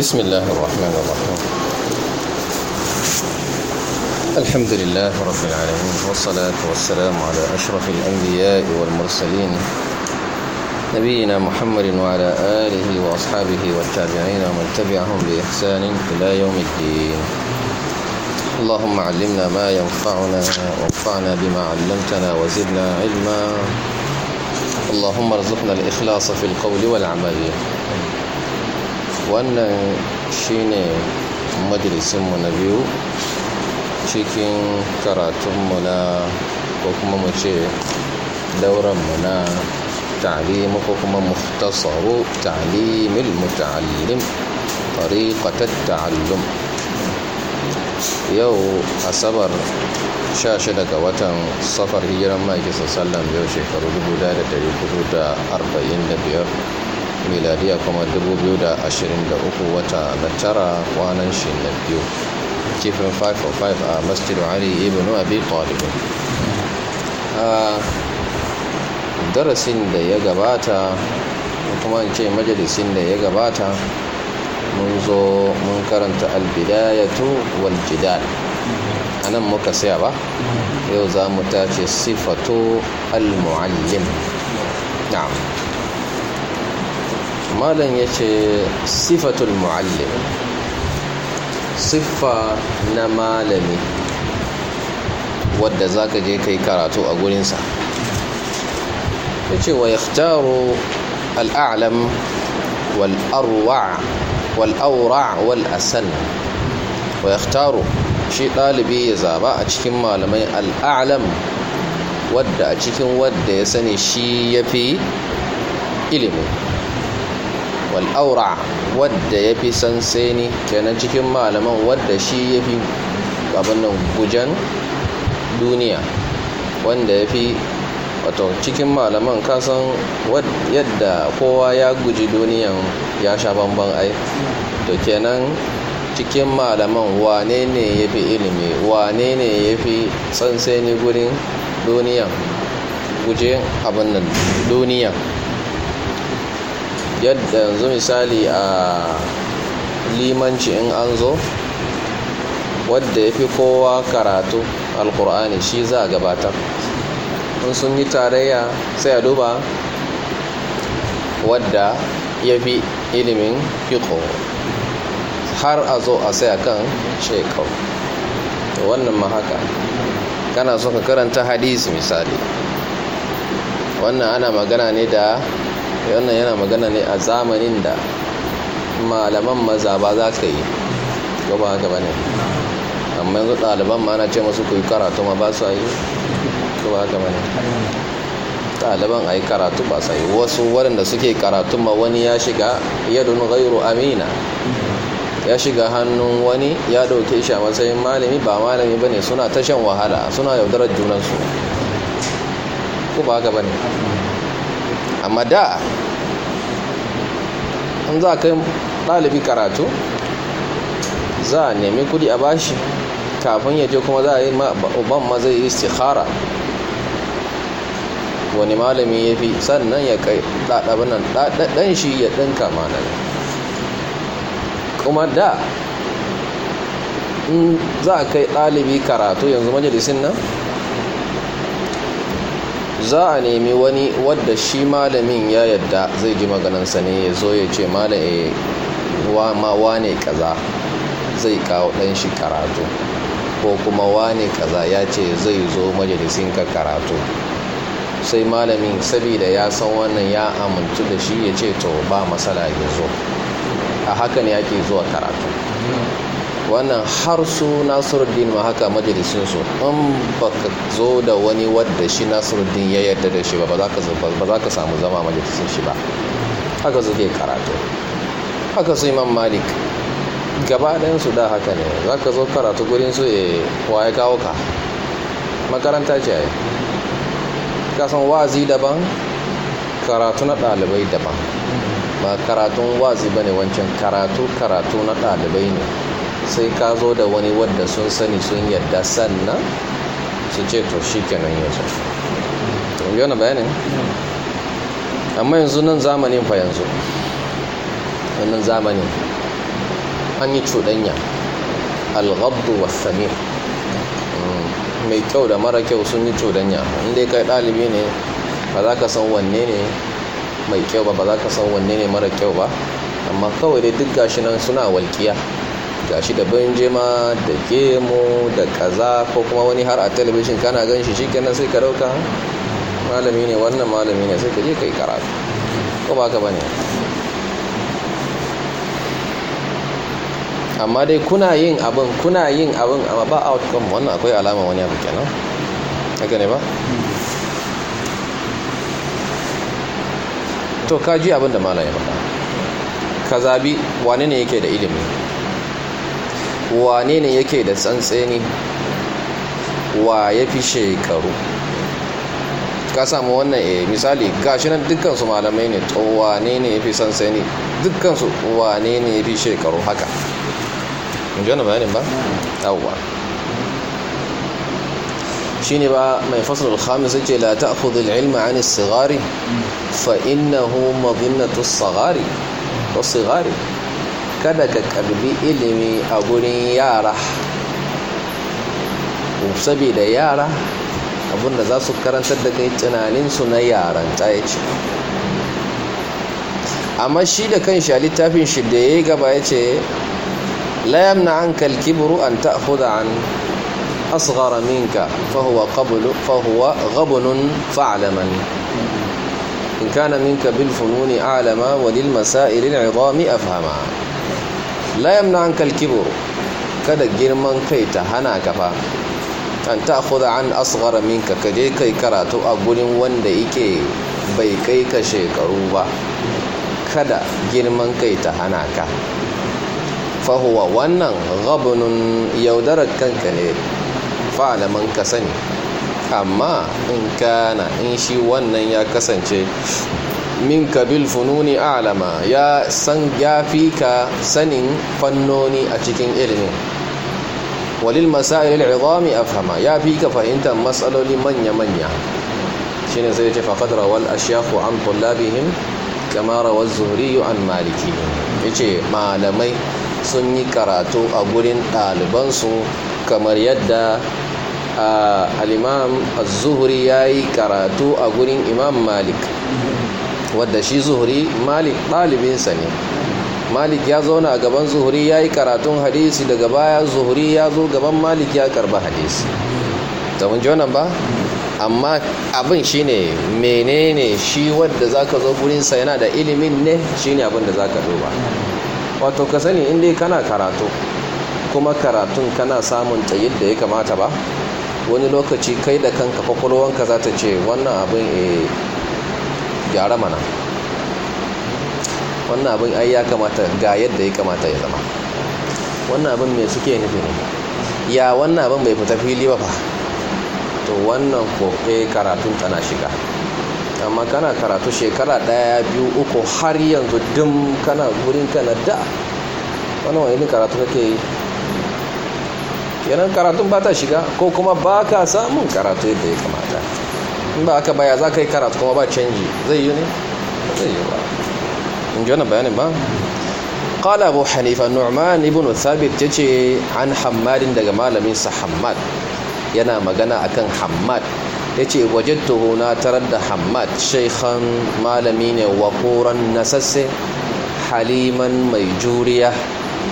بسم الله الرحمن الرحيم الحمد لله رب العالمين والصلاة والسلام على أشرف الأنبياء والمرسلين نبينا محمد وعلى آله وأصحابه والتابعين ومن تبعهم بإحسان إلى يوم الدين اللهم علمنا ما ينفعنا وانفعنا بما علمتنا وزدنا علما اللهم ارزقنا الإخلاص في القول والعمل wannan shine majalisinmu na biyu cikin karatunmu na ko kuma mu ce dauranmu na ta'limu ko kuma muftasaru ta'limil muta'allim tariqatat ta'allum yau asabar 16 ga watan safar hijiran ma'aikisar sallan yau shekaru 1445 miladiya kuma 2023 wata na tara kwanan shi na biyu kifin 505 a masjidu ali ibn abi talib a darasin da ya gabata kuma in ce majalisin da ya gabata mun zo mun karanta albidayatu wal jidal anan muka saya ba yau za mu tace sifatu al-muallim na'am malam ya ce sifatul mu'allim siffa na malami wadda za ka je kai karatu a gurinsa ya ce wa ya al'alam wal'aura wal'asan wa ya ƙtaro shi ɗalibi ya zaba a cikin malamai al'alam wadda a cikin wadda ya sani shi ya fi ilimin wal aura wadda ya fi sansani kenan cikin malaman wadda shi ya fi abinnan gujan duniya wanda ya fi wato cikin malaman kasan yadda kowa ya guji duniyan ya sha bambam ai to kenan cikin malaman wane ne ya fi ilimi wane ne ya fi sansani gurin duniyan guje abin duniyan yadda yanzu misali a limanci in an zo wadda ya fi kowa karatu alkur'ani shi za a gabatar in sun yi tarayya sai a duba wadda ya fi ilimin fiko har a zo a sai kan shekau da wannan ma haka kana so ka karanta hadisi misali wannan ana magana ne da wannan yana magana ne a zamanin da malaman maza ba za ka yi ko ba ne amma yanzu ɗaliban ma ana ce masu ku yi karatu ma ba su yi ko ba ne ɗaliban a yi karatu ba su yi wasu waɗanda suke karatu ma wani ya shiga yadun gairu amina ya shiga hannun wani ya ɗauke shi a matsayin malami ba malami ba ne suna tashan wahala suna yaudarar junansu ko ba haka ne. amma da an za kai ɗalibi karatu za a nemi kudi a bashi kafin ya je kuma za a yi uban ma zai yi wani malami ya fi sannan ya kai nan ɗaɗaɗɗan shi ya ɗinka manan kuma da in za a kai ɗalibi karatu yanzu majalisin nan za a nemi wani wadda shi malamin ya yadda zai ji maganansa ne ya zo ya ce malaye eh, wa wane kaza zai kawo dan shi karatu ko kuma wane kaza ya ce zai zo majalisinka karatu sai malamin saboda ya san wannan ya amintu da shi ya ce to ba matsala ya zo a haka ne ake zuwa karatu wannan har su nasiruddin ma haka majalisinsu in ba ka zo da wani wadda shi nasiruddin ya yarda da shi ba ba za ka samu zama majalisin shi ba haka zuke karatu haka su imam malik gaba su da haka ne za ka zo karatu gurin su eh, ya waye kawo ka makaranta ce ka san wazi daban karatu na ɗalibai daban ba karatun wazi ba ne wancan karatu karatu na ɗalibai ne sai ka zo da wani wadda sun sani sun yadda sannan su ce to shi kenan yanzu yana bayanin amma yanzu nan zamanin fa yanzu wannan zamanin an yi cuɗanya algabdu wasani mm, mai kyau da mara kyau sun yi cuɗanya inda kai ɗalibi ne ba za ka san wanne ne mai kyau ba ba za ka san wanne ne mara kyau ba amma kawai dai duk gashi nan suna walƙiya gashi da banjima da gemu da kaza ko kuma wani har a telebishin kana gan shi shikenan sai ka dauka malami ne wannan malami ne sai ka je ka yi karatu ko ba ka bane amma dai kuna yin abin kuna yin abin amma ba outcome wannan akwai alama wani abu kenan haka ne ba to ka ji abin da malami ya ka zabi wane ne yake da ilimi wane ne yake da tsantseni wa ya fi shekaru ka samu wannan e misali gashi nan dukkansu malamai ne to wane ne ya fi tsantseni dukkansu wane ne ya fi shekaru haka ji wani bayanin ba? yawwa shi ne ba mai alhamis khamis ce la ta ilmi a an sigari fa innahu madinatu sigari kada ka karbi ilimi a gurin yara saboda yara abinda za su karantar da kai tunaninsu na ta ya ce amma shi da kan shi a littafin shi da ya yi gaba ya ce layam na an kalki, buru an huda an asghara minka fahuwa gabunun fa'alamani in kana minka bil fununi alama wa lil masailin a afhama la yamna ankal kibr kada girman kai ta hana ka fa an ta'khudha an asghara minka kaje kai karatu a gurin wanda yake bai kai ka shekaru ba kada girman kai ta hana ka fahuwa wannan gabinin yaudarar kanka ne fa'alaman ka sani amma in kana in shi wannan ya kasance min kabil fununi alama ya san ya fi ka sanin fannoni a cikin ilimin walil masail al'izami afhama ya fi ka fahimtar matsaloli manya-manya shine sai ce faqad wal ashyakhu an tullabihim kama rawal zuhri an maliki yace malamai sun yi karatu a gurin ɗalibansu kamar yadda al'imam az-zuhri ya yi karatu a gurin imam malik wadda shi zuhuri malik ɗalibinsa ne malik ya zauna a gaban zuhuri ya yi karatun hadisi daga baya zuhuri ya zo gaban malik ya karba hadisi ta mun ba amma abin shi ne menene shi wadda za ka zo gurinsa yana da ilimin ne shi ne abin da za zo duba wato ka sani in dai kana karatu kuma karatun kana samun ta yadda ya kamata ba wani lokaci kai da kanka kwakwalwanka za ta ce wannan abin eh gyara mana wannan abin ai ya kamata ga yadda ya kamata ya zama wannan abin mai suke nufi ne ya wannan abin bai fita fili ba to wannan kofe eh, karatun tana shiga amma kana karatu shekara daya biyu uku har yanzu dim kana gurin kana da wannan wani karatu kake yi kenan karatun ba ta shiga ko kuma ba ka samun karatu yadda ya kamata ba aka baya za ka yi karatu kuma ba canji zai yi ne zai yi ba in ji wani bayanin ba ƙala abu hannifa norman ibn ya ce an hammadin daga malaminsa hammad yana magana a kan hammad ya ce wajen tuhuna tarar da hammad shaikhan malami ne wakoran nasasse haliman mai juriya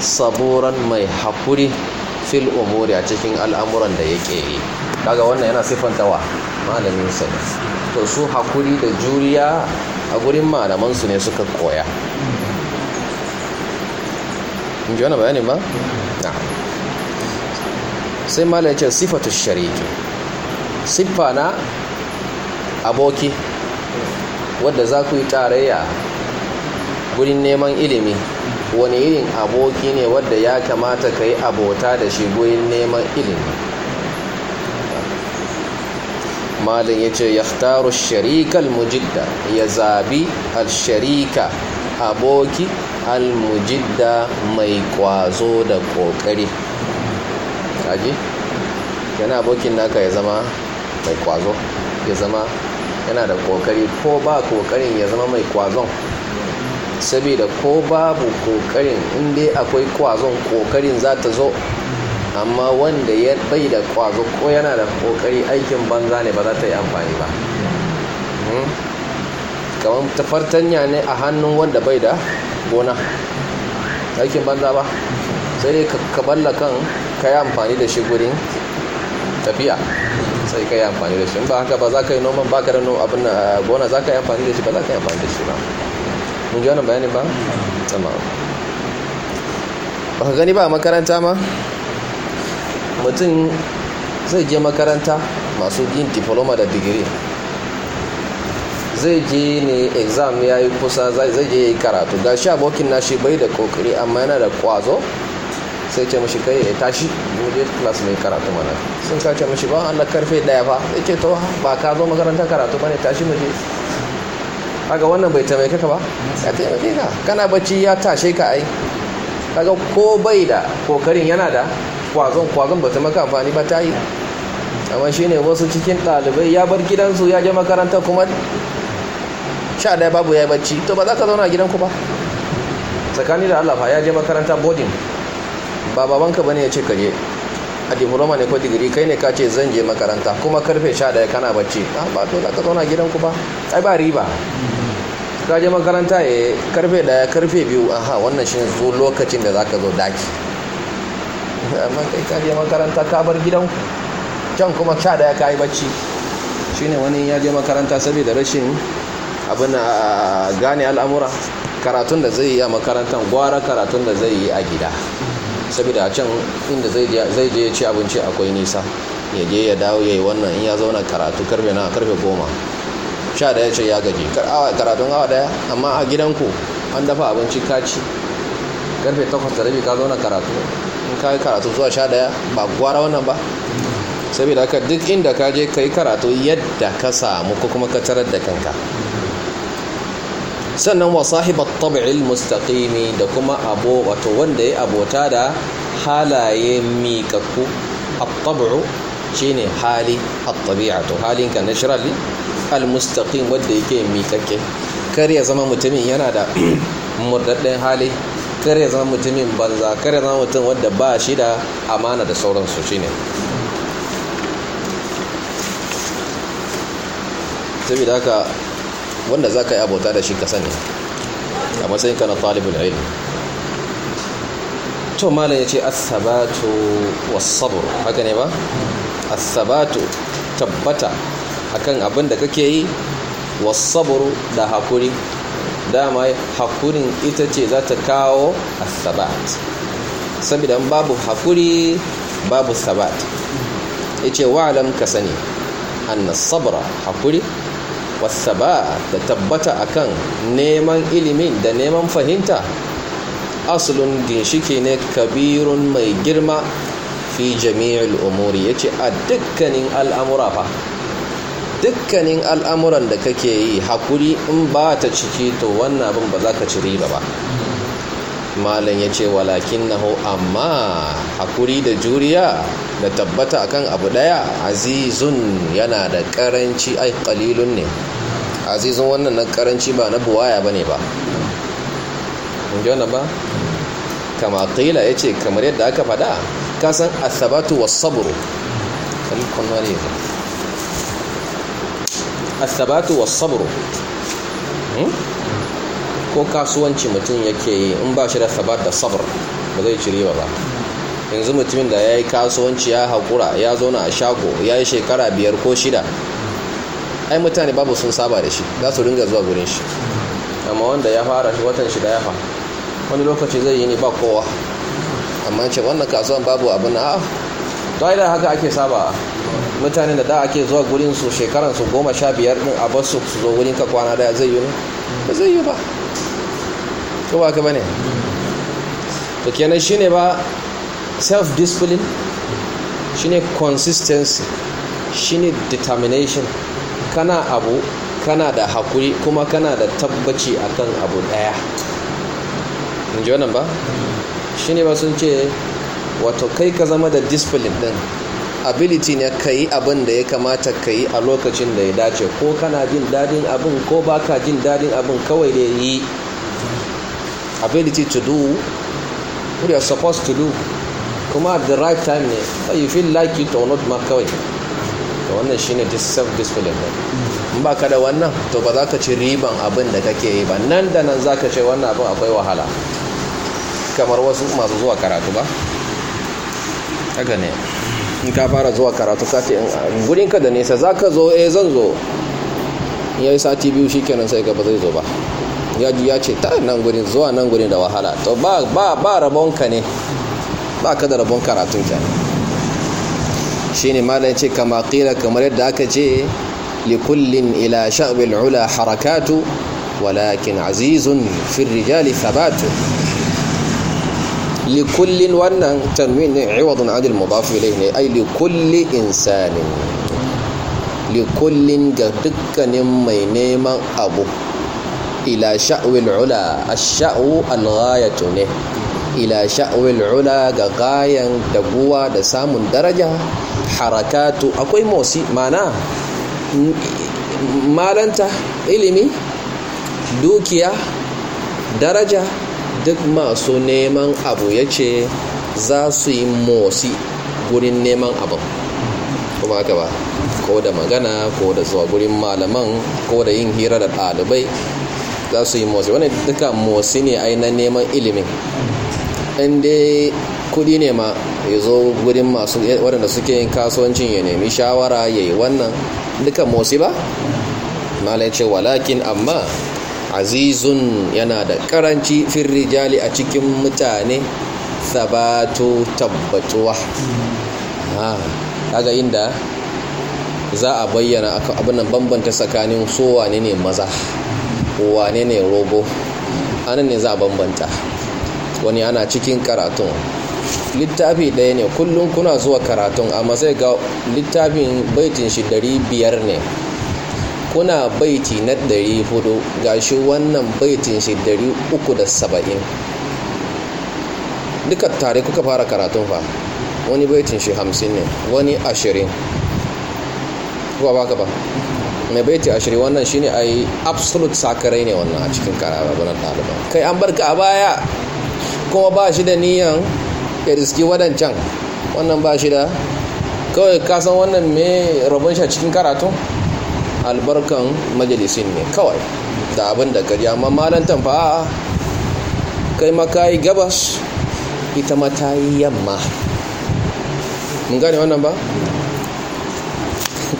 saburan mai haƙuri fil umuri a cikin al'amuran da yake yi daga wannan yana siffanta dawa. malaminsa ne to su hakuri da juriya a gurin malamansu ne suka koya in ji wani bayani ba? na sai malaya ce sifatu shari'a. siffa na aboki wadda za ku yi tarayya gurin neman ilimi wani irin aboki ne wadda ya kamata ka yi abota da shi gurin neman ilimi malin ya ce ya taru sharikal mujidda ya zabi al-sharika aboki al-mujidda mai kwazo da kokari kaji yana abokin naka ya zama mai kwazo ya zama yana da kokari ko ba kokarin ya zama mai kwazon saboda ko babu kokarin inda akwai kwazon kokarin za ta zo amma wanda ya bai da kwazo ko yana da kokari aikin banza ne ba za ta yi amfani ba hmm? kamar tafartanya ne a hannun wanda bai da gona aikin banza ba sai dai ka balla kan ka yi amfani da shi gurin tafiya sai ka yi amfani da shi ba haka ba za ka yi noman ba ka da abin da gona za ka yi amfani da shi ba za ka yi amfani da shi ba mun ji wani bayanin ba? tsamma ba ka gani ba a makaranta ma? mutum zai je makaranta masu yin diploma da digiri zai je ne exam ya yi kusa zai je ya yi karatu ga shi abokin shi bai da kokari amma yana da kwazo sai ce mashi kai ya tashi muje class mai karatu mana sun kace mashi ba an karfe daya ba ya ce to ba ka zo makaranta karatu ba ne tashi muje kaga wannan bai taimake ka ba ya taimake ka kana bacci ya tashe ka ai kaga ko bai da kokarin yana da kwazon kwazon ba ta maka amfani ba ta yi amma shi ne wasu cikin ɗalibai ya bar gidansu ya je makaranta kuma sha ɗaya babu ya yi bacci to ba za ka zauna a gidanku ba tsakani da allafa ya je makaranta boarding ba babanka ba ne ya ce ka je a diploma ne ko digiri kai ne ka ce zan je makaranta kuma karfe sha ɗaya kana bacci ah, ba to za ka zauna a gidanku ba ai ba riba ka je makaranta ya eh, karfe ɗaya karfe biyu aha wannan shi zo lokacin da za ka zo daki amma kai ka je makaranta ka bar gidan can kuma sha daya ka yi bacci shine wani ya je makaranta saboda rashin abin a gane al'amura karatun da zai yi a makarantar gwara karatun da zai yi a gida saboda a can inda zai je ci abinci akwai nisa ya je ya dawo ya yi wannan in ya zauna karatu karfe na karfe goma sha daya ce ya gaji karatun awa daya amma a gidanku an dafa abinci kaci karfe takwas da rabi ka zauna karatu in ka yi karatu zuwa sha ɗaya ba gwara wannan ba saboda haka duk inda ka je ka yi karatu yadda ka samu ko kuma ka tarar da kanka sannan wa sahibar tabi'il mustaqimi da kuma abo wato wanda ya abota da halaye miƙaƙƙu shi ne hali tabi'a to halinka al mustaqim wanda yake miƙaƙƙe kar ya zama mutumin yana da murdaɗɗen hali kare zama mutumin banza kare zama mutum wadda ba shi da amana da sauransu shine saboda haka wanda za ka yi abota da shi ka sani a matsayinka na talibin ilmi to malam ya ce asabatu wasabur haka ne ba asabatu tabbata akan abin da kake yi wasabur da hakuri dama hakurin ita ce za ta kawo asabat saboda babu hakuri babu sabat ya ce wa'alam ka sani anna sabra hakuri wasaba da tabbata akan neman ilimin da neman fahimta asalin ginshiki ne kabirun mai girma fi jami'ul umuri ce a dukkanin al'amura fa dukkanin al'amuran da kake yi hakuri in ba ta ciki to wannan abin ba za ka ci riba ba malam ya ce walakin ho amma hakuri da juriya da tabbata akan abu daya azizun yana da karanci ai kalilun ne azizun wannan na karanci ba na buwaya ne ba ba kama ya ce kamar yadda aka fada kasan asabatu wasu saburu wani asabatu wasabru hmm? ko kasuwanci mutum yake yi in ba shi da sabar da sabar ba zai ciri ba ba yanzu mutumin da ya yi kasuwanci ya haƙura ya zauna a shago ya yi shekara biyar ko shida ai mutane babu sun saba da shi za su ringa zuwa gurin shi amma wanda ya fara watan shida ya fa wani lokaci zai yi ne ba kowa amma ce wannan kasuwan babu abin a to ai da haka ake saba mutanen da da ake zuwa gurin su shekaran su goma sha biyar din a bar su zo gurin ka kwana daya zai yi ba zai yi ba ko ba ka bane to kenan shine ba self discipline shine consistency shine determination kana abu kana da hakuri kuma kana da tabbaci akan abu daya in ji wannan ba shine ba sun ce wato kai ka zama da discipline din ability ne ka yi abin da ya kamata ka yi a lokacin da ya dace ko kana jin dadin abin ko ba ka jin dadin abin kawai da yi ability to do what you are supposed to do kuma at the right time ne you feel like it or not ma kawai to wannan shine self discipline in ba ka da wannan to ba za ka ci riban abin da kake yi ba nan da nan za ka ce wannan abin akwai wahala kamar wasu masu zuwa karatu ba haka ne in ka fara zuwa karatu ka ce gurin ka da nesa za ka zo eh zan zo ya yi sati biyu shi kenan sai gaba zai zo ba ya ji ya ce ta nan gurin zuwa nan gurin da wahala to ba rabon ka ne ba ka da rabon karatun ka shi ne malam ce kama kila kamar yadda aka ce likullin ila sha'bil ula harakatu walakin azizun firrijali sabatu likullin wannan tanwin ne iwadun adil mudafu ilai ne ai likulli insanin likullin ga dukkanin mai neman abu ila sha'wil ula ash-sha'u al-ghayatu ne ila sha'wil ula ga gayan daguwa da samun daraja harakatu akwai motsi mana malanta ilimi dukiya daraja duk masu neman abu ya ce za su yi motsi gurin neman abin kuma haka ba ko da magana ko da zuwa gurin malaman ko da yin hira da ɗalibai za su yi motsi wani duka motsi ne ai na neman ilimin inda kudi ne ma ya zo gurin masu waɗanda suke yin kasuwancin ya nemi shawara ya yi wannan duka motsi ba malai ce walakin amma azizun yana da karanci fin rijali a cikin mutane sabato tabbatuwa kaga inda za a bayyana abinan bambanta tsakanin so wane ne maza wane ne rogo anan ne za a bambanta wani ana cikin karatun littafi ɗaya ne kullum kuna zuwa karatun amma sai ga littafin baitin shi biyar ne kuna baiti na ɗari ga shi wannan baitin shi ɗari uku da saba'in duka tare kuka fara karatun fa wani baitin shi hamsin ne wani ashirin kuwa baka ba mai baiti ashirin wannan shi ne a yi absolute sakarai ne wannan a cikin karababunan ɗaliban kai an barka a baya kuma ba shi da niyan ya riski wadancan wannan ba shi da kawai kasan wannan mai rabon shi a cikin karatun albarkan majalisin ne kawai da abin da gari amma malantan fa kai makayi gabas ita matayi yamma mun gane wannan ba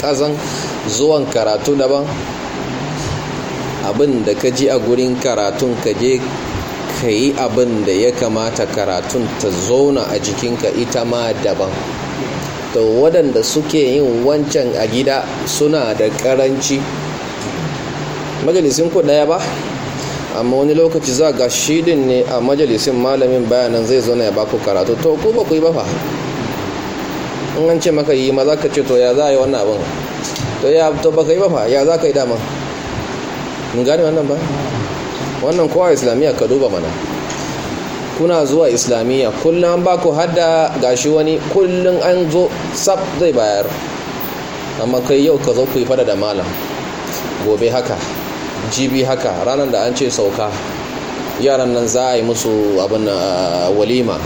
kazan zuwan karatu daban abin da ka ji a gurin karatun ka je ka yi abin da ya kamata karatun ta zauna a jikinka ita ma daban to waɗanda suke yin wancan a gida suna da ƙaranci majalisin ku ɗaya ba amma wani lokaci za ga shidin ne a majalisin malamin bayanan zai zo na ya baku karatu to ko ba ku yi ba fa in an ce maka yi ma za ka ce to ya za a yi wannan abin to ya to ba ka yi ba fa ya za ka yi dama mun gane wannan ba wannan kowa islamiyya ka duba mana kuna zuwa islamiyya kullum an baku hada gashi wani kullum an zo sab zai bayar amma kai yau ka zo ku yi fada da malam gobe haka jibi haka ranar da an ce sauka yaran nan za a yi musu abin ah, walima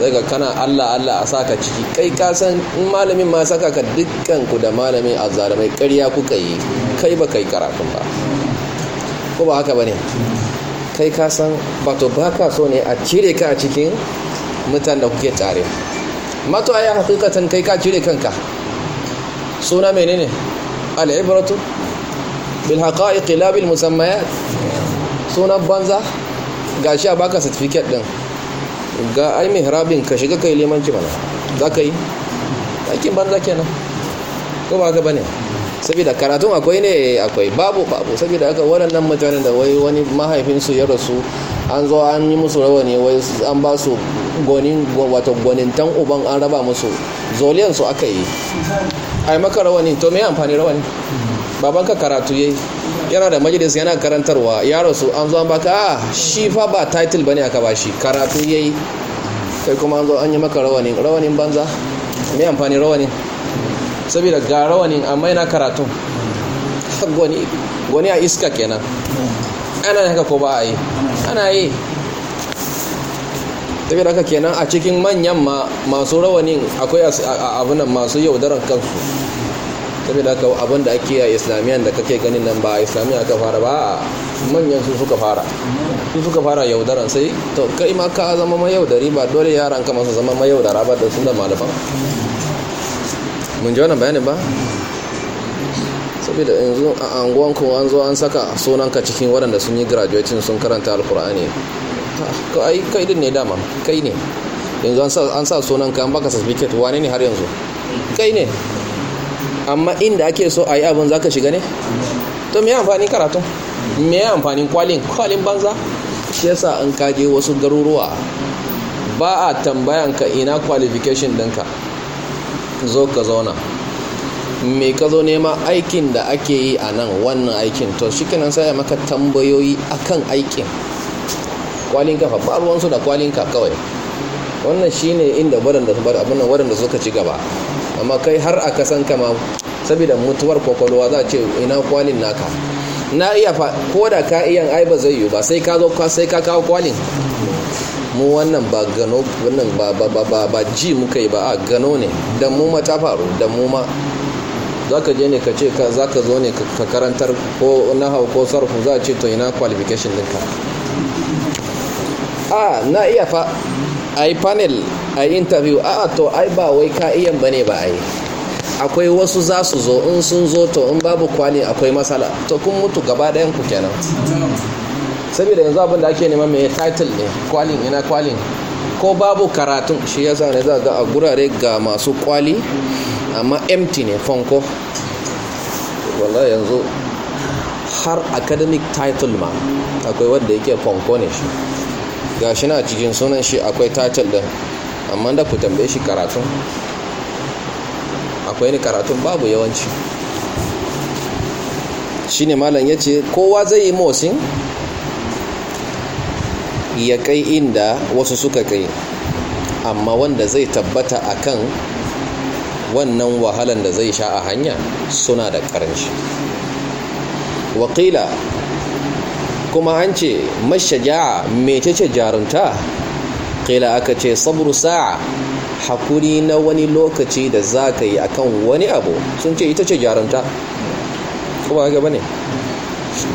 daga kana allah allah a saka ciki kai kasan in malamin ma saka ka dukkan ku da malamin a zalumai karya kuka yi kai ba kai karatun ba ko ba haka ba ne kai ka san bato ba ka so ne a cire ka a cikin mutan da kuke tare mato a aya hakikatan kai ka cire kanka suna menene al'ibratu bil haqa'iq la bil musammayat suna banza shi a baka certificate din ga ai mihrabin ka shiga kai limanci mana za ka yi aikin banza kenan ko ba ka bane saboda karatun akwai ne akwai babu babu saboda aka waɗannan mutanen da wai wani mahaifinsu ya rasu an zo an yi musu rawa ne wai an ba su gonin wato gwanintan uban an raba musu zoliyan su aka yi ai maka rawani to me amfani rawani babanka karatu yayi yana da majalis yana karantarwa ya rasu an zo an baka a ah, shi fa ba title bane aka bashi karatu yayi kai kuma an zo an yi maka rawanin ne banza me amfani ne saboda ga rawanin amma yana karatun gwani a iska kenan ana haka ko ba a yi ana yi saboda haka kenan a cikin manyan ma masu rawanin akwai abunan masu yaudaran kansu saboda haka abin da ake a islamiyan da kake ganin nan ba a islamiyan aka fara ba manyan su suka fara su suka fara yaudaran sai to kai ma ka zama mayaudari ba dole yaran ka masu zama mayaudara ba da sun da malaman mun ji wannan bayanin ba saboda yanzu a anguwanku an zo an saka sunanka cikin waɗanda sun yi graduating sun karanta alkur'ani ai kai din ne dama kai ne yanzu an sa sunanka an baka certificate wane ne har yanzu kai ne amma inda ake so a yi abin za ka shiga ne to me amfani karatu me amfanin kwalin kwalin banza shi yasa an kaje wasu garuruwa ba a tambayanka ina qualification ɗinka zo ka zauna me ka zo nema aikin da ake yi a nan wannan aikin to shi kenan sai maka tambayoyi akan aikin kwalin kafa ba da kwalin kawai wannan shine inda waɗanda su bar abin waɗanda suka ci gaba amma kai har a kasan kama saboda mutuwar kwakwalwa za a ce ina kwalin naka na iya ko da ka iya ai ba zai yi ba sai ka sai ka kawo kwalin mu wannan ba gano wannan ba ba ba ba ba ji muka yi ba a gano ne da mu ma ta faru da mu ma za ka je ne ka ce ka za ka zo ne ka karantar ko na hau ko sarfu za a ce to ina qualification ɗinka a na iya fa a yi panel a yi interview a to ai ba wai ka iyan ba ne ba a yi akwai wasu za su zo in sun zo to in babu kwani akwai matsala to kun mutu gaba ɗayan ku kenan saboda yanzu abin da ake nema mai title ne kwalin yana kwalin ko babu karatun shi ya sa ne za ga a gurare ga masu kwali amma empty ne fanko wallahi yanzu har academic title ma akwai wanda yake fanko ne shi ga shi na cikin sunan shi akwai title din amma da ku tambaye shi karatun akwai ni karatun babu yawanci shi ne malam ce kowa zai yi mosin ya kai inda wasu suka kai amma wanda zai tabbata akan wannan wahalan da zai sha a hanya suna da karanci wakila kuma an ce mashaja'a mecece jarunta kila aka ce sabru sa'a hakuri na wani lokaci da za ka yi akan wani abu sun ce ita ce jarunta kuma gaba bane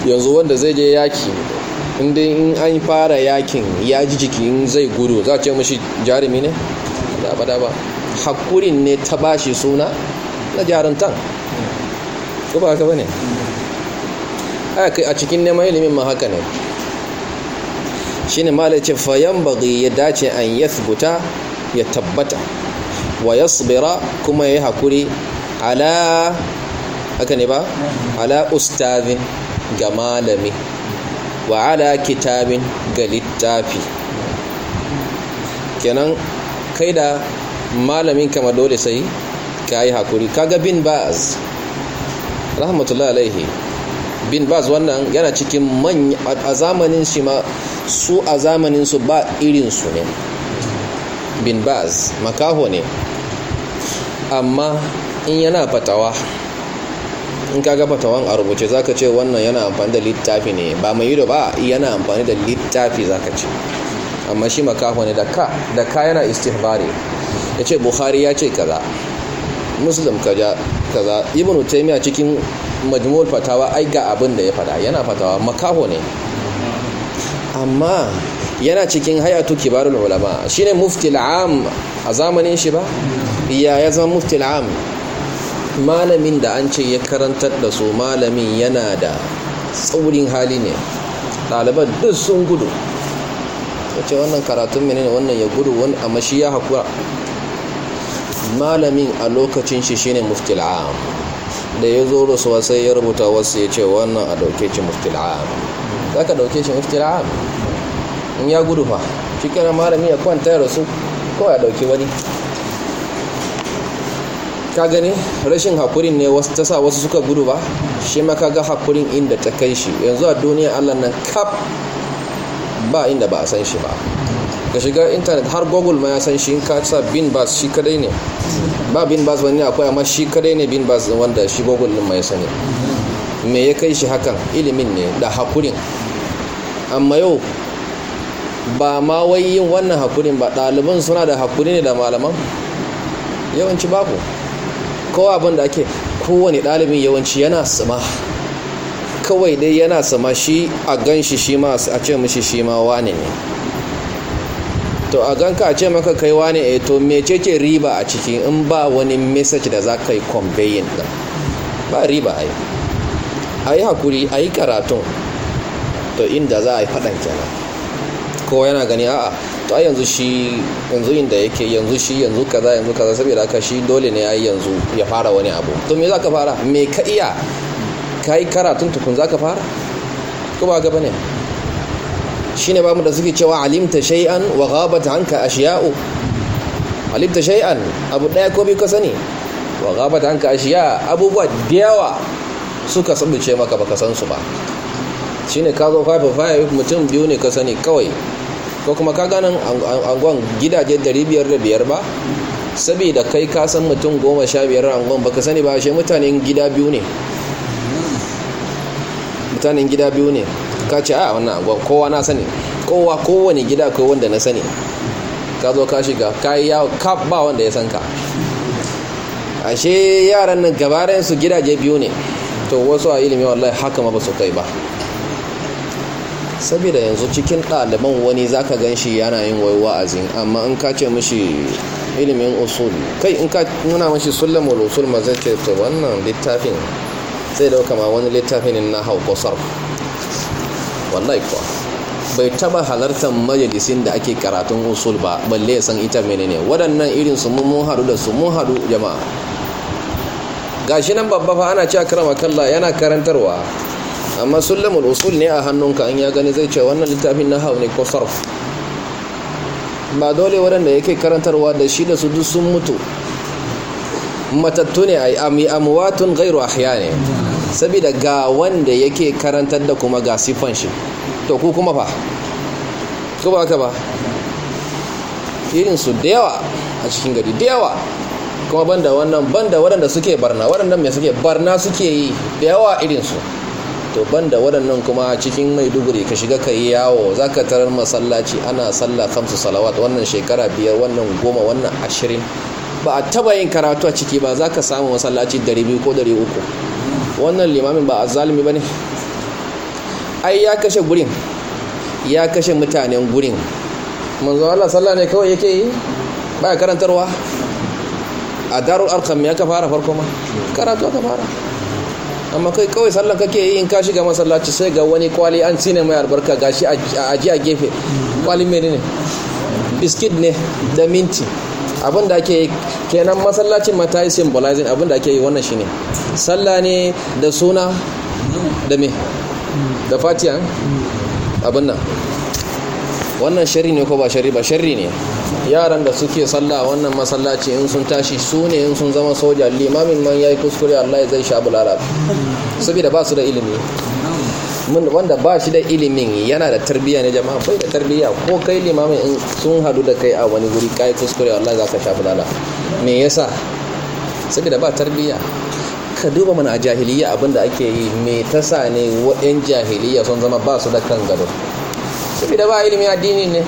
yanzu wanda zai je yaki inda in an fara yakin ya ji jikin zai gudu za a ce mashi jarumi ne daba-daba hakurin ne ta bashi suna na jarumtan ko ba haka ba ne a cikin neman ilimin ma haka ne shi ne malice fayan bagi ya dace an ya thubuta ya tabbata wa ya tsibira kuma ya yi hakuri ala haka ne ba ala ustazin ga malami wa ala kitabin ga littafi kenan kai da malamin kama dole sai ka yi hakuri kaga bin ba'az rahmatullahi alaihi bin ba'az wannan yana cikin manya a zamanin shi ma su a zamanin su ba irin su ne bin ba'az makaho ne amma in yana fatawa in ka gaba tawon a rubuce za ka ce wannan yana amfani da littafi ne ba mai ido ba yana amfani da littafi za ka ce amma shi makaho ne da ka da ka yana istihbari ya ce buhari ya ce kaza muslim kaza ibn taimiyya cikin majmul fatawa ai ga abin da ya fada yana fatawa makaho ne amma yana cikin hayatu kibarul ulama shine mufti al-am a zamanin shi ba ya ya zama mufti al-am malamin da an ce ya karantar da su malamin yana da tsaurin hali ne ɗaliban duk sun gudu ya ce wannan karatun mini ne wannan ya gudu wani a mashi ya haƙura malamin a lokacin shi shine muftila'am da ya zo da su sai ya rubuta wasu ya ce wannan a dauke shi muftila'am za ka dauke shi muftila'am in ya gudu fa shi kana malami ya kwanta ya rasu ko ya dauki wani ka gani rashin hakurin ne wasu ta sa wasu suka gudu ba shi ma ga hakurin inda ta kai shi yanzu a duniya allah nan kap ba inda ba a san shi ba ka shiga intanet har google ma ya san shi ka sa bin bas shi kadai ne ba bin bas wani akwai amma shi kadai ne bin bas wanda shi google din ma ya sani me ya kai shi hakan ilimin ne da hakurin amma yau ba ma wai yin wannan hakurin ba ɗaliban suna da hakuri ne da malaman yawanci babu kowa abin da ake kowane ɗalibin yawanci yana sama kawai dai yana sama shi a gan shi shi ma a ce mashi shi ma wane ne to a ganka a ce maka kai wane e to mecece riba a ciki in ba wani message da za ka yi kwambayin da ba riba a yi a yi hakuri a yi karatun to inda za a yi faɗan kenan kowa yana gani a'a to ai yanzu shi yanzu inda yake yanzu shi yanzu kaza yanzu kaza saboda haka shi dole ne ai yanzu ya fara wani abu to me za ka fara me ka iya ka yi karatun tukun za ka fara ko ba ga ne shine ba bamu da suke cewa alimta shay'an wa ghabat anka ashiya'u alimta shay'an abu daya ko bi ka sani wa ghabat anka ashiya abubuwa da yawa suka sabuce maka baka san su ba shine ka zo 5 5 mutum biyu ne ka sani kawai ko kuma ka ganin angon gidaje 500 ba saboda kai ka san mutum 15 angon baka sani ba shi mutanen gida biyu ne mutanen gida biyu ne ka ce a wannan angon kowa na sani kowa kowane gida kai wanda na sani ka zo ka shiga ka yi yawo ba wanda ya san ka ashe yaran nan su gidaje biyu ne to wasu a ilimi wallahi haka ma ba su kai ba saboda yanzu cikin ɗaliban wani za ka gan shi yana yin wai wa'azin amma in ka ce mishi ilimin usul kai in ka nuna mashi sulamul usul ma zai ce to wannan littafin sai dauka ma wani littafin na hau kosar wallahi kuwa bai taba halartar majalisin da ake karatun usul ba balle ya san ita menene waɗannan irin su mun haɗu da su mun haɗu jama'a gashi nan babba fa ana cewa karama kalla yana karantarwa amma sullamul usul ne a hannunka an ya gani zai ce wannan littafin na hau ne ko sarf ba dole waɗanda yake karantarwa da shi da su duk sun mutu matattu ne a amuwatun gairu ahya ne saboda ga wanda yake karantar da kuma ga siffan shi to ku kuma fa ku ba ka ba irinsu da yawa a cikin gari da yawa kuma banda wannan banda waɗanda suke barna waɗanda mai suke barna suke yi da yawa irinsu to banda waɗannan kuma cikin maiduguri ka shiga ka yi yawo za ka tarar masallaci ana sallah kamsu salawat wannan shekara biyar wannan goma wannan ashirin ba a taba yin karatu a ciki ba za ka samu masallaci dari biyu ko dari uku wannan limamin ba a zalimi ba ne ai ya kashe gurin ya kashe mutanen gurin manzo Allah sallah ne kawai yake yi ba karantarwa a darul arkam ya ka fara farko ma karatu ka fara amma kai kawai sallan kake yi in ka shiga masallaci sai ga wani kwali an cine mai albarka gashi a aji a gefe kwali mai ne biskit ne da minti abin da ake yi kenan masallacin ma ta yi symbolizing abin da ake yi wannan shine sallah ne da suna da me da fatiha abin nan wannan shari ne ko ba shari ba shari ne yaran da suke sallah wannan masallaci in sun tashi su ne in sun zama soja limamin man yayi kuskure Allah zai sha bulala saboda ba su da ilimi wanda ba shi da ilimin yana da tarbiyya ne jama'a bai da tarbiyya ko kai limamin in sun hadu da kai a wani guri kai kuskure Allah za ka sha bulala me yasa saboda ba tarbiyya ka duba mana a jahiliya abinda ake yi me tasa ne waɗin jahiliya sun zama ba su da kan gado saboda ba ilimin addini ne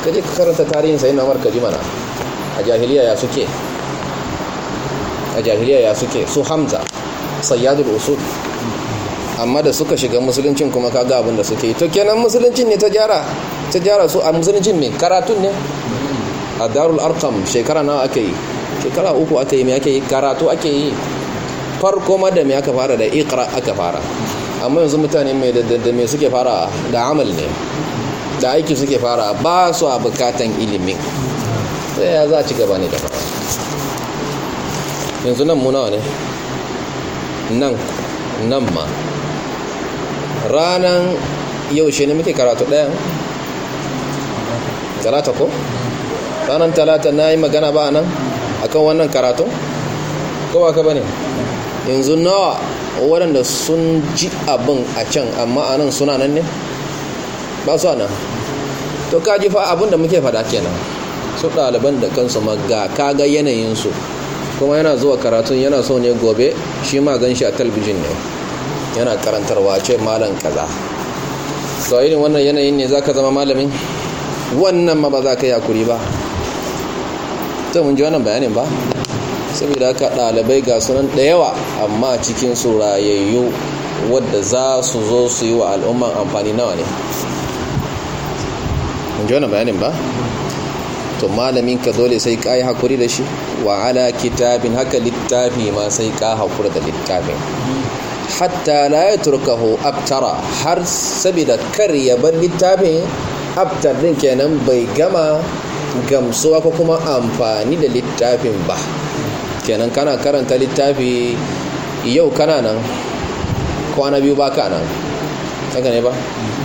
ka je ka karanta tarihin sayin na marka jimana mana a jahiliya ya suke a jahiliya ya suke su hamza sayyadul usul amma da suka shiga musuluncin kuma kaga abin da suke yi to kenan musuluncin ne ta jara ta jara su a musuluncin ne karatun ne a darul arkam shekara nawa ake yi shekara uku ake yi me ake yi karatu ake yi farko ma da me aka fara da iqra aka fara amma yanzu mutane mai da me suke fara da amal ne da aiki suke fara ba su a bukatan ilimin sai ya za a ci gaba ne da fara yanzu nan munawa ne nan nan ma ranar yaushe ne muke karatu daya. talata ko ranar talata na yi magana ba nan akan wannan karatu kowa ka bane yanzu nawa waɗanda sun ji abin a can amma anan suna nan ne ba su nan to kaji fa abin da muke fada kenan su ɗaliban da kansu ga kaga yanayinsu kuma yana zuwa karatun yana so ne gobe shi ma gan shi a talbijin ne yana karantarwa ce malam kaza so irin wannan yanayin ne za ka zama malamin wannan ma ba za ka yi hakuri ba to mun ji wannan bayanin ba saboda haka ɗalibai ga sunan da yawa amma cikin surayayyu wadda za su zo su yi wa al'umman amfani nawa ne jona bayanin ba to malamin ka dole sai ka yi hakuri da shi wa ala kitabin haka littafi ma sai ka hakuri da littafin hatta la ya turkahu abtara har saboda kar ya bar littafin abtar din kenan bai gama gamsuwa ko kuma amfani da littafin ba kenan kana karanta littafi yau kana nan kwana biyu ba ka nan haka ne ba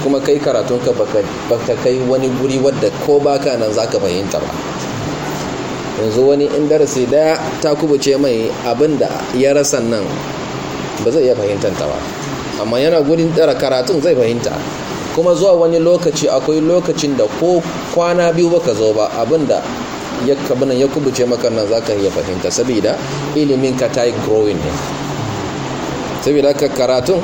kuma kai karatunka ba baka kai wani guri wadda ko baka nan za ka fahimta ba yanzu wani in darasi daya ta kubuce mai abinda ya rasa nan ba zai iya fahimtanta ba amma yana gudun tsara karatun zai fahimta kuma zuwa wani lokaci akwai lokacin da ko kwana biyu baka zo ba abinda ya kabinan ya kubuce maka nan zaka iya fahimta saboda ilimin ka tayi growing ne saboda ka karatun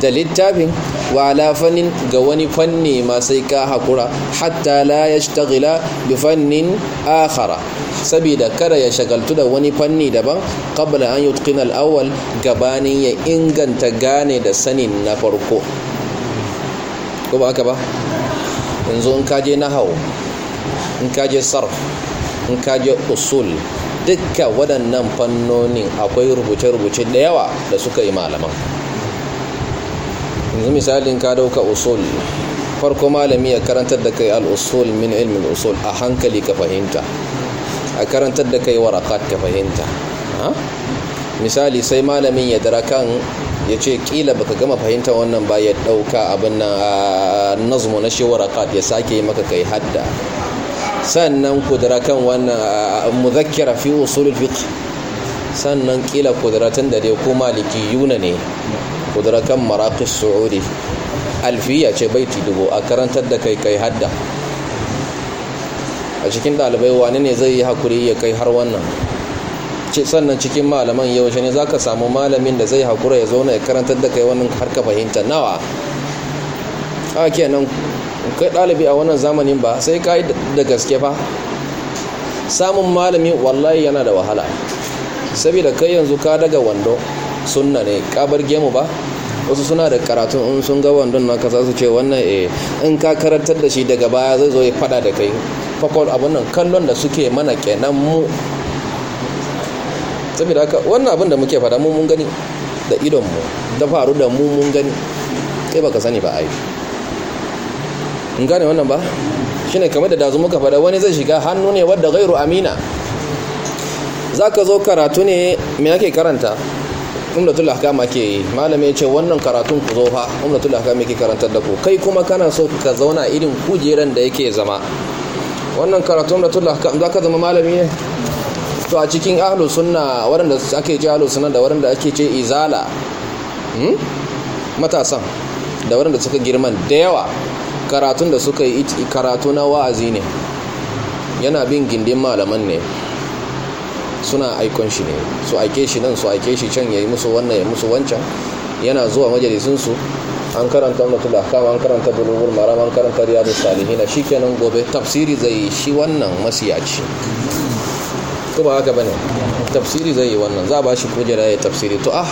da littafin wa fannin ga wani fanni ma sai ka haƙura hatta la ya shtagila bi fannin akhara saboda kada ya shagaltu da wani fanni daban kabla an yi al-awwal gabanin ya inganta gane da sanin na farko ko ba ba yanzu in kaje nahau in kaje sarf in kaje usul dukkan waɗannan fannonin akwai rubuce-rubuce da yawa da suka yi malaman yanzu misalin ka dauka usul farko malami ya karantar da kai al-usul min ilmin usul a hankali ka fahimta a karantar da kai waraqat ka fahimta misali sai malamin ya dara kan ya ce kila baka gama fahimta wannan ba ya dauka abin nan nazmu na shi warakat ya sake yi maka kai hadda sannan kudura kan wannan muzakkira fi usulul fiqh sannan kila kudratan da dai ko malikiyuna ne kudurakan marakis su'uri alfiya ce baiti dubu a karantar da kai kai hadda a cikin dalibai wani ne zai yi hakuri ya kai har wannan sannan cikin malaman yaushe ne za ka samu malamin da zai hakura ya zauna ya karantar da kai wannan har ka fahimta nawa a kenan kai dalibi a wannan zamanin ba sai ka yi da gaske ba samun malami wallahi yana da wahala saboda kai yanzu ka daga wando sunna ne kabar gemu ba wasu suna da karatun in sun ga wandon na kasa su ce wannan eh in ka karantar da shi daga baya zai zo ya fada da kai fakol abun nan kallon da suke mana kenan mu saboda haka wannan abin da muke fada mu mun gani da idon mu da faru da mu mun gani kai baka sani ba ai in gane wannan ba shine kamar da dazu muka fada wani zai shiga hannu ne wadda gairu amina zaka zo karatu ne me yake karanta umdatul ahkam ake yi malami ya ce wannan karatun ku zo fa umdatul ahkam yake karantar da ku kai kuma kana so ka zauna irin kujeran da yake zama wannan karatun umdatul ahkam zaka zama malami ne to a cikin ahlus sunna waɗanda ake ce ahlus sunna da waɗanda ake ce izala hmm? matasan da waɗanda suka girman da yawa karatun da suka yi karatu na wa'azi ne yana bin gindin malaman ne suna aikon shi ne su aike shi nan su aike shi can ya yi musu wannan ya musu wancan yana zuwa majalisunsu an karanta da kawo an karanta bulugul maram an karanta riyadu salihina shikenan gobe tafsiri zai shi wannan masiyaci ko ba haka bane tafsiri zai yi wannan za ba shi kujera ya tafsiri to ah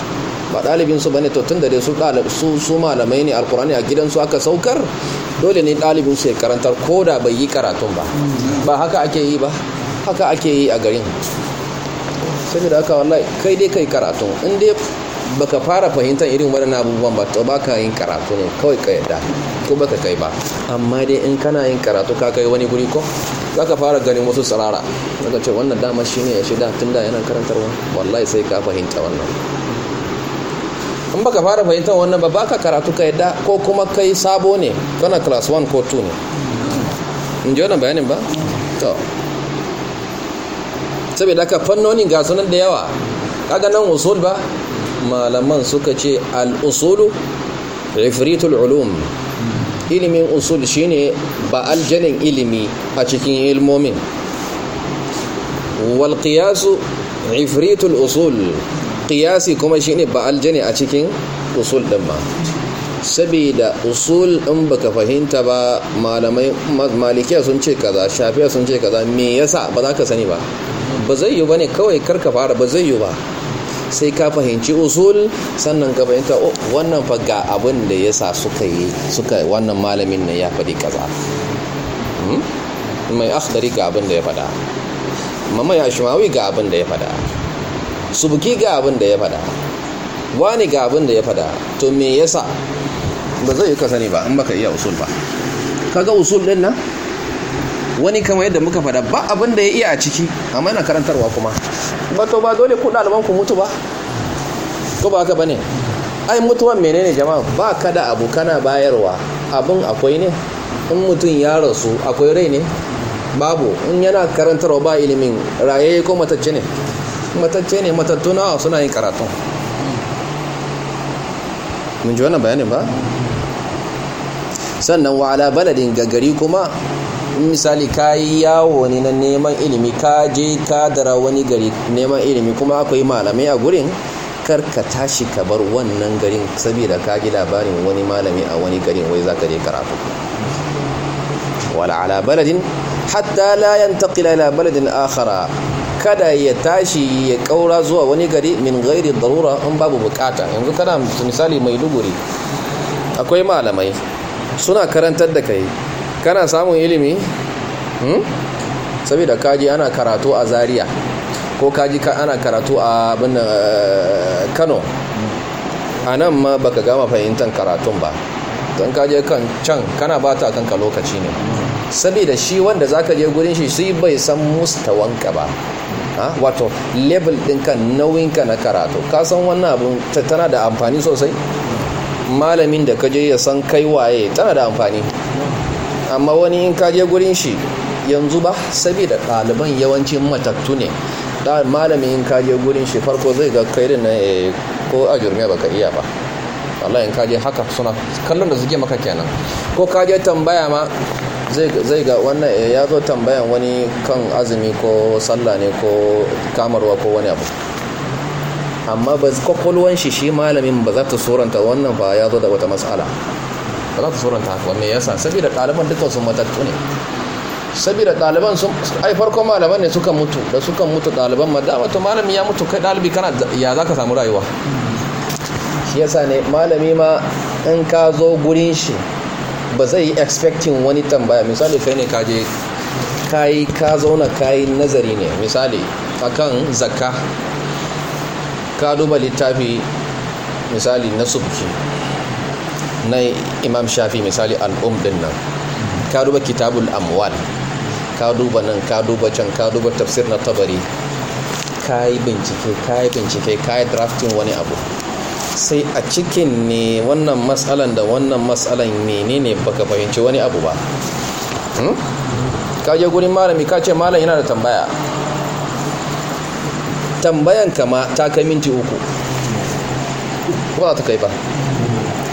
ba ɗalibin su bane to tun da su su su malamai ne alkurani a gidansu aka saukar dole ne ɗalibin su ya karantar ko da bai yi karatun ba ba haka ake yi ba haka ake yi a garin saboda haka wallahi kai dai kai karatu in dai baka fara fahimtar irin waɗannan abubuwan ba to baka yin karatu ne kawai ka yadda ko baka kai ba amma dai in kana yin karatu ka kai wani guri ko ka fara ganin wasu tsirara daga ce wannan dama ne ya shi da tun da yana karantarwa wallahi sai ka fahimta wannan in baka fara fahimtar wannan ba baka karatu ka yadda ko kuma kai sabo ne kana class 1 ko 2 ne in ji wannan bayanin ba to saboda haka fannonin ga sunan da yawa kaga nan usul ba malaman suka ce al-usulu ifritul ulum ilimin usul shine ba aljanin ilimi a cikin ilmomin wal qiyasu ifritul usul qiyasi kuma shine ba aljani a cikin usul din ba saboda usul in baka fahimta ba malamai malikiya sun ce kaza shafiya sun ce kaza me yasa ba za ka sani ba ba zai yi ba ne kawai karka fara ba zai yi ba sai ka fahimci usul sannan ka fahimta oh, wannan fa ga abin da ya sa suka yi suka wannan malamin na ya faɗi kaza hmm? mai akhdari ga abin da ya faɗa Mamaya ya shimawi ga abin da ya faɗa subuki ga abin da ya faɗa wani ga abin da ya faɗa to me yasa ba zai yi ka sani ba in baka iya usul ba kaga usul din nan wani kama yadda muka faɗa ba abin da ya iya a ciki amma yana karantarwa kuma ba to ba dole ku ɗaliban ku mutu ba ko ba haka bane ai mutuwan menene jama'a ba ka da abu kana bayarwa abin akwai ne in mutum ya rasu akwai rai ne babu in yana karantarwa ba ilimin raye ko matacce ne matacce ne matattu nawa suna yin karatun mun ji wannan bayanin ba sannan wa ala baladin gagari kuma in misali ka yi yawo ne na neman ilimi ka je ka dara wani gari neman ilimi kuma akwai malamai a gurin kar ka tashi ka bar wannan garin saboda ka ji labarin wani malami a wani garin wai zaka je karatu wala ala baladin hatta la yantaqila ila baladin akhara kada ya tashi ya kaura zuwa wani gari min gairi darura in babu bukata yanzu kana misali mai duguri akwai malamai suna karantar da kai kana samun ilimi hmm? saboda kaji ana karatu a zaria ko kaji ana karatu a eh, kano a nan ma baka gama fahimtar karatun ba don kaje kan can kana bata kanka lokaci ne saboda shi wanda zaka je gurin shi sai bai san mustawanka ba ah, wato level ɗinka nauyinka na karatu ka san wannan abin tana da amfani sosai malamin da kaje ya san kai waye tana da amfani amma wani in kaje gurin shi yanzu ba saboda ɗaliban yawancin matattu ne malami in kaje gurin shi farko zai ga kairin na eh, ko a jirgin baka iya ba Allah in kaje haka suna kallon da suke maka kenan ko kaje tambaya ma zai ga wannan eh, ya zo tambayan wani kan azumi ko sallah ne ko kamarwa ko wani abu amma ba kwakwalwan shi shi malamin ba za ta suranta wannan ba ya zo da wata matsala ba za ta suranta haka ba me yasa saboda ɗaliban dukkan sun matattu ne saboda ɗaliban sun ai farko malaman ne suka mutu da suka mutu ɗaliban ma dama wato malami ya mutu kai ɗalibi kana ya za ka samu rayuwa shi yasa ne malami ma in ka zo gurin shi ba zai yi expecting wani tambaya misali kai ne kaje kayi ka zauna kayi nazari ne misali akan zakka ka duba littafi misali na subki na imam shafi misali al'um din nan ka duba kitabul amwal ka duba nan ka duba can ka duba tafsir na tabari ka yi bincike ka yi bincike ka yi draftin wani abu sai a cikin ne wannan matsalan da wannan matsalan menene baka fahimci wani abu ba hmm? ka je gurin malami ka ce malam yana da tambaya tambayan kama ta kai minti uku ba za ta kai ba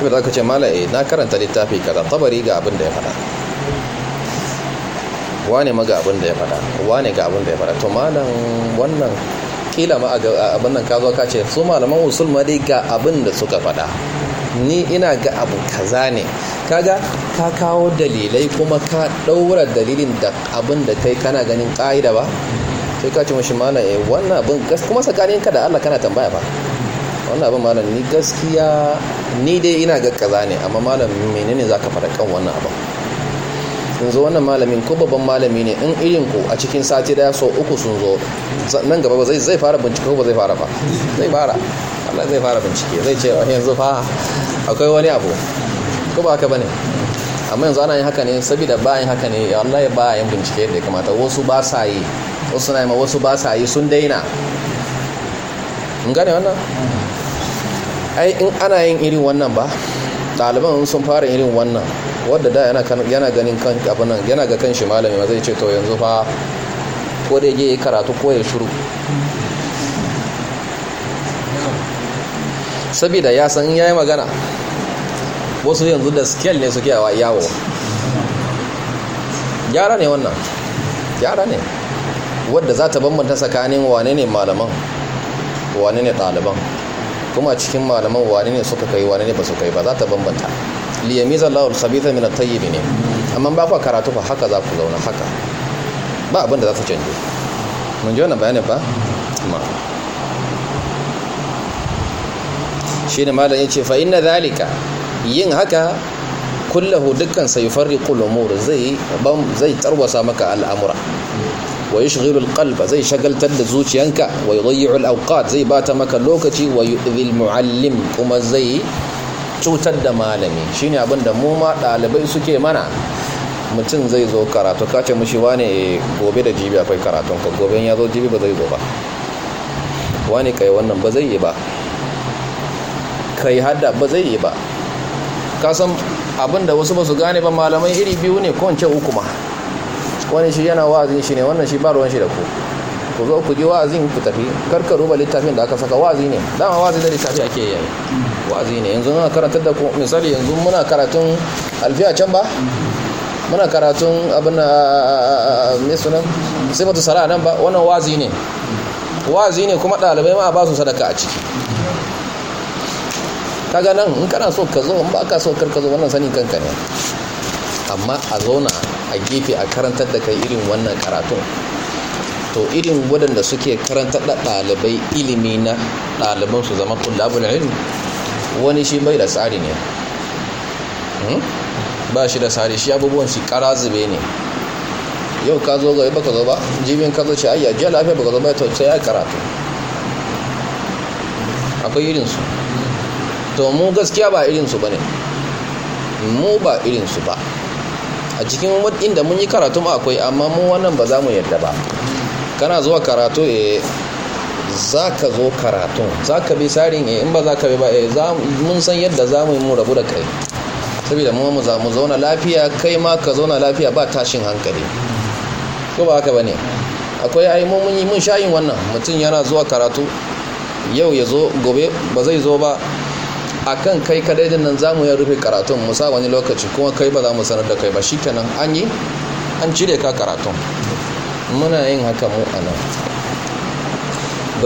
da aka ce malaye eh, na karanta littafi kaza tabari ga abin da ya faɗa wane ma ga abin da ya faɗa wane ga abin da ya faɗa to malam wannan kila ma abin nan ka zo ka ce su malaman usul ma dai ga abin da suka faɗa ni ina ga abu kaza ne kaga ka kawo dalilai kuma ka ɗaura dalilin da abin da kai kana ganin ƙa'ida ba sai ka ce mashi malam eh wannan abin kuma tsakaninka da Allah kana tambaya ba wannan abin malam ni gaskiya ni dai ina ga kaza ne amma malam menene zaka fara kan wannan abin sun zo wannan malamin ko babban malami ne in irin ku a cikin sati daya so uku sun zo nan gaba ba zai fara bincike ko ba zai fara ba zai fara Allah zai fara bincike zai ce yanzu fa akwai wani abu ko ba haka bane amma yanzu ana yin haka ne saboda bayan haka ne wallahi ba yin bincike da ya kamata wasu ba sa yi wasu na yi ma wasu ba sa yi sun daina in gane wannan ai in ana yin irin wannan ba ɗaliban sun fara irin wannan wadda da yana ganin kan abin nan yana ga kan shi malami ma zai ce to yanzu fa ko da ya yi karatu ko ya shuru saboda ya san ya yi magana wasu yanzu da scale ne suke yawa yawo yara ne wannan yara ne wadda za ta bambanta tsakanin wane ne malaman wane ne ɗaliban kuma cikin malaman wani ne suka kai wani ne ba su kai ba za ta bambanta liyamiza Allahul khabitha min at-tayyib ne amma ba ku karatu fa haka za ku zauna haka ba abin da za ta canje mun ji wannan bayanin ba ma shi ne malam yace fa inna zalika yin haka kullahu dukkan sayfarriqul umur zai zai tarwasa maka al'amura ويشغل القلب زي zai shagaltar da zuciyanka wa yudayyi'u alawqat zai bata maka lokaci wa yu'dhi almuallim kuma zai cutar da malami shine abin da mu ma dalibai suke mana mutum zai zo karatu ka ce mushi wane eh, gobe da jibi akwai karatun ka gobe ya zo jibi ba zo ba wane kai wannan ba zai yi ba kai hada ba zai yi ba kasan abinda wasu ba su gane ba malamai iri biyu ne ko hukuma. uku ma wani shi yana wa'azin shi ne wannan shi ba ruwan shi da ku ku zo ku ji wa'azin ku tafi karka ruba littafin da aka saka wa'azi ne dama wa'azi da littafi ake yi wa'azi ne yanzu muna karantar da ku misali yanzu muna karatun alfiya can ba muna karatun abin a me sunan sifatu sara nan ba wannan wa'azi ne wa'azi ne kuma dalibai ma ba su sadaka a ciki kaga nan in kana so ka zo in ba ka so karka zo wannan sanin kanka ne amma a zauna a gefe a karantar da kai irin wannan karatun to irin waɗanda suke karantar da ɗalibai ilimi na ɗaliban su zama kullabul ilmi wani shi bai da tsari ne hmm? ba shi da tsari shi abubuwan shi kara zube ne yau ka zo ba baka zo ba jibin ka zo ce ayya jiya lafiya baka zo ba ta ya karatu akwai irinsu to mu gaskiya ba irinsu ba ne mu ba irinsu ba a cikin inda mun yi karatu ma akwai amma mun wannan ba za mu yarda ba kana zuwa karatu eh za ka zo karatun za ka bi tsarin eh in ba za ka bi ba eh mun san yadda za mu yi mu rabu da kai saboda mu mu zauna lafiya kai ma ka zauna lafiya ba tashin hankali ko ba haka bane akwai ai mun yi mun shayin wannan mutum yana zuwa karatu yau ya zo gobe ba zai zo ba akan kai kadai din nan zamu yi rufe karatun musa wani lokaci kuma kai ba za mu sanar da kai ba shikenan an yi an cire ka karatun muna yin haka mu a nan.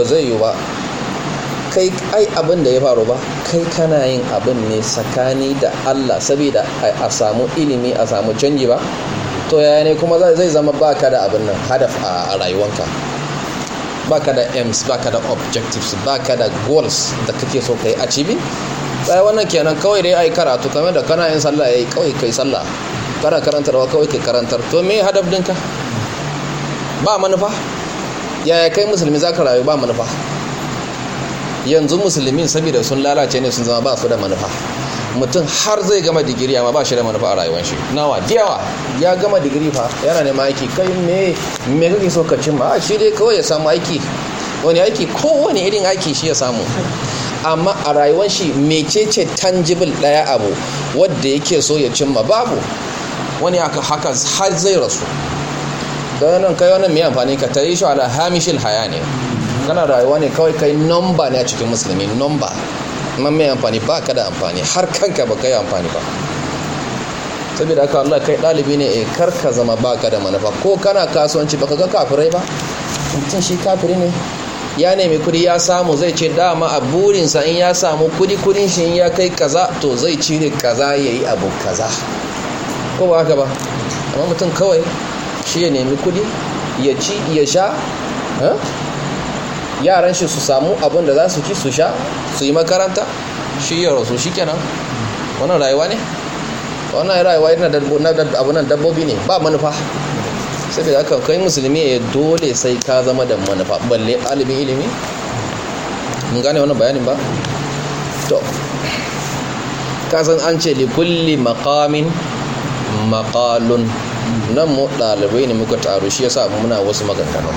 ba zai yi ba kai ai abin da ya faru ba kai kana yin abin ne tsakani da Allah saboda a samu ilimi a samu canji ba to yaya ne kuma zai zama baka da abin nan hadaf a rayuwanka baka da aims baka da objectives baka da goals da kake so kai achieving sai wannan kenan kawai dai ai karatu kamar da kana yin sallah ya yi kawai kai sallah kana karantarwa kawai kai karantar to me hadaf dinka ba manufa yaya kai musulmi ka rayu ba manufa yanzu musulmin saboda sun lalace ne sun zama ba su da manufa mutum har zai gama digiri amma ba shi da manufa a rayuwar shi nawa diyawa ya gama digiri fa yana neman aiki kai me me kake so ka cimma a shi dai kawai ya samu aiki wani aiki wani irin aiki shi ya samu amma a rayuwar shi mecece tangible daya abu wadda yake so ya cimma babu wani aka haka har zai rasu ga kai wani mai amfani ka tare shi ala hamishin haya ne kana rayuwa ne kawai kai nomba ne a cikin musulmi nomba man mai amfani ba ka da amfani har kanka ba kai amfani ba saboda haka Allah kai dalibi ne e eh, karka zama ba ka da manufa ko kana kasuwanci ba ka ga kafirai ba mutum shi kafiri ne ya nemi kudi ya samu zai ce dama a burinsa in ya samu kudi kudin shi in ya kai kaza to zai cire kaza ya yi abu kaza ko ba haka ba amma mutum kawai shi ya nemi kudi ya ci ya sha yaran shi su samu abin da za su ci su sha su yi makaranta shi ya rasu shi kenan wannan rayuwa ne wannan rayuwa yana da abunan dabbobi ne ba manufa saboda haka kai musulmi ya eh, dole sai ka zama da manufa balle ɗalibin ilimi mun gane wani bayanin ba to kasan an ce likulli makamin makalun nan mu ɗalibai ne muka taru shi yasa muna wasu maganganu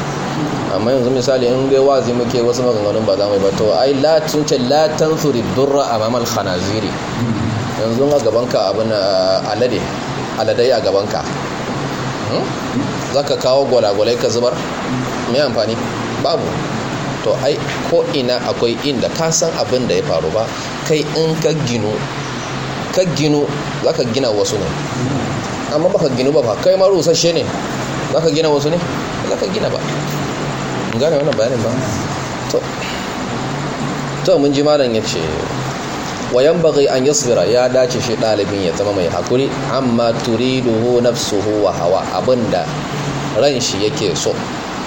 amma yanzu misali in dai wazi muke wasu maganganun ba za mu yi ba to ai latin ce latin suri durra mamal khanaziri yanzu a gabanka abin eh, alade aladai a gabanka hmm? za ka kawo gwalagwalai ka zubar mai amfani babu to ai ko ina akwai inda ka san abin da ya faru ba kai in ka gino ka gino za ka gina wasu ne amma baka gino ba ba kai ma rusashe ne za ka gina wasu ne za ka gina ba gane wannan bayanin ba to to mun ji malam ya ce wayan bagai an yasbira ya dace shi dalibin ya zama mai hakuri amma turiduhu nafsuhu wa hawa abinda ran shi yake so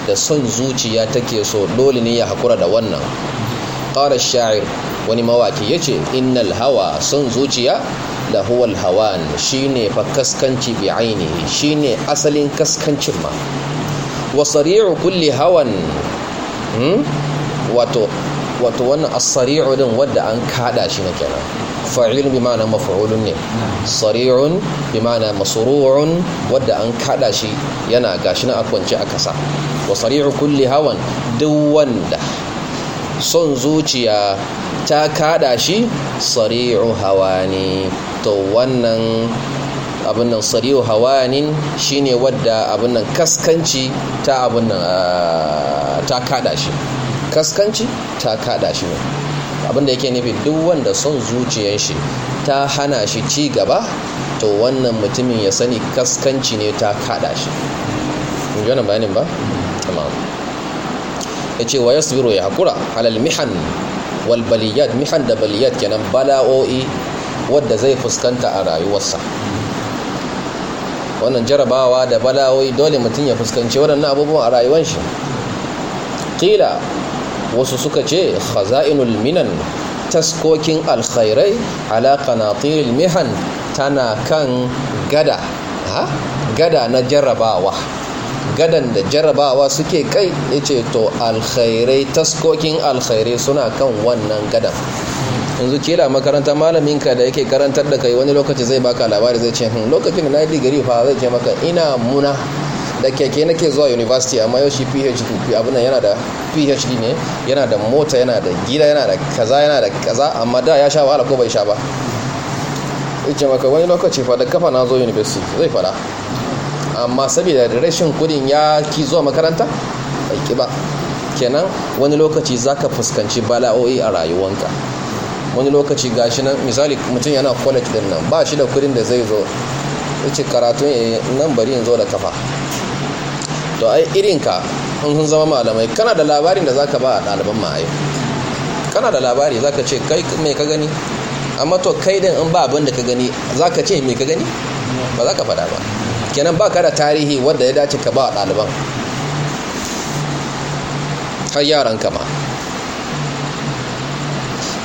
da son zuciya take so dole ne ya hakura da wannan ƙara shair wani mawaki yace innal hawa son zuciya da huwal al shi ne fa kaskanci bi ainihi ne asalin kaskancin ma wa sari'u kulli hawan hmm? wato wannan as din wanda an kada shi na kenan fa'ilun bi ma'ana maf'ulun ne sari'un bi ma'ana masru'un wadda an kada shi yana gashi na akwance a kasa wa sari'u kulli hawan duk wanda son zuciya ta kada shi sari'u hawani to wannan abin nan sari'u hawanin shine wadda abin nan kaskanci ta abin nan ah, ta kada shi kaskanci ta kada shi ne abinda yake nufi duk wanda son zuciyar shi ta hana shi ci gaba to wannan mutumin ya sani kaskanci ne ta kada shi in ji bayanin ba tamam ya ce wa ya sibiro ya haƙura? Halal mihan wal mihan da baliyat kenan bala'o'i wadda zai fuskanta a rayuwarsa wannan jarabawa da bala'o'i dole mutum ya fuskanci waɗannan abubuwan a rayuwar shi kila wasu suka ce khaza'inul minan taskokin alkhairai ala qanatiril mihan tana kan gada ha gada na jarrabawa gadan da jarrabawa suke kai yace to alkhairai taskokin alkhairai suna kan wannan gadan yanzu da makaranta ka da yake karantar da kai wani lokaci zai baka labari zai ce hmm, lokacin da na yi digiri fa zai ce maka ina muna da keke nake zuwa university amma yau shi phd abin yana da phd ne yana da mota yana da gida yana da kaza yana da kaza amma da ya sha wahala ko bai sha ba ice maka wani lokaci fa da kafa na zo university zai fara amma saboda da rashin kudin ya ki zuwa makaranta bai ki ba kenan wani lokaci zaka fuskanci bala'o'i a rayuwanka wani lokaci gashi nan misali mutum yana college din nan ba shi da kudin da zai zo yace karatun eh, nan bari in zo da kafa to ai irinka in sun zama malamai kana da labarin da za ka ba a ɗaliban ma ai kana da labari ka ce kai me ka gani amma to kai din in ba abin da ka gani za ka ce me ka gani ba za ka faɗa ba kenan ba ka da tarihi wanda ya dace ka ba a ɗaliban har yaran kama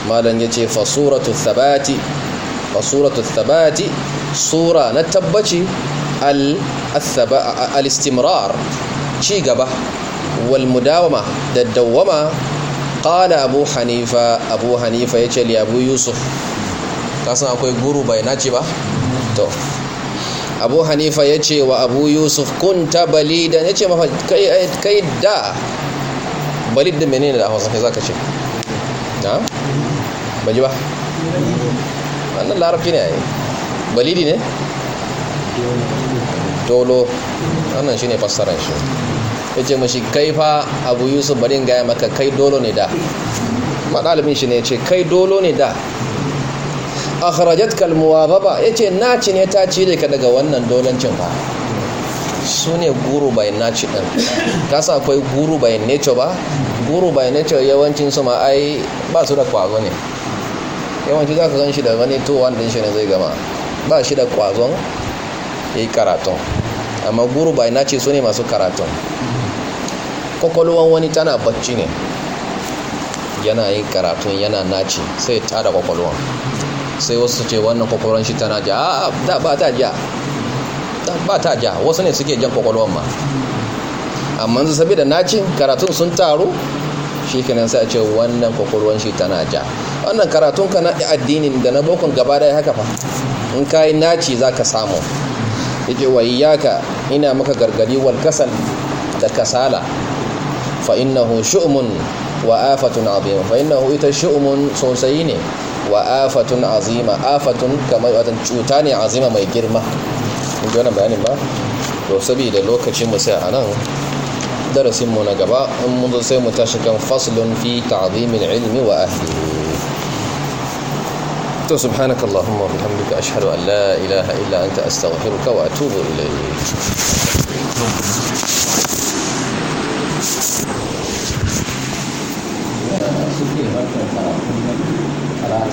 malam ya ce fasuratu thabati fasuratu thabati sura na tabbaci al-istimrar ci gaba wal mudawama da dawama kala abu hanifa abu hanifa ce li abu yusuf kasan akwai guru bai nace ba to abu hanifa ya ce wa abu yusuf kun ta balidan da ya kai kai da balid din menene da hausa kai zaka ce na baji ba wannan larabci ne balidi ne dolo wannan shine fassarar shi Ya ce mashi kai fa abu yusuf bari gaya maka kai dolo ne da madalibin shi ne ce kai dolo ne da A ba Ya ce na naci ne ta cire ka daga wannan dolancin ba su ne guru na naci din kasa akwai guru bayan nature ba guru bayan nature yawancin su ma ai ba su da kwazo ne yawanci za ka gan shi da wani to wanda shi ne zai gama ba shi da kwazon ya yi karatun amma guru bai na ce su ne masu karatun kwakwalwan wani tana bacci ne yana yin karatun yana naci sai ta da kwakwalwan sai wasu ce wannan kwakwalwan shi tana ja a da ba ta ja ba ta ja wasu ne suke jan kwakwalwan ma amma su sabi da nacin karatun sun taru shi kanan sai a ce wannan kwakwalwan shi tana ja wannan karatun ka na addinin da na bokon gaba ya haka fa in ka yi naci za ka samu yake wa iyaka ina maka gargadi wal kasal da kasala fa innahu shu'mun wa afatun azima fa innahu ita shu'mun sosai ne wa afatun azima afatun kamar wata cuta ne azima mai girma in ji wannan bayanin ba to saboda lokacin mu sai nan darasin mu na gaba in mun zo sai mu tashi kan faslun fi ta'zimin ilmi wa ahlihi سبحانك اللهم وبحمدك أشهد أن لا إله إلا أنت أستغفرك وأتوب إليك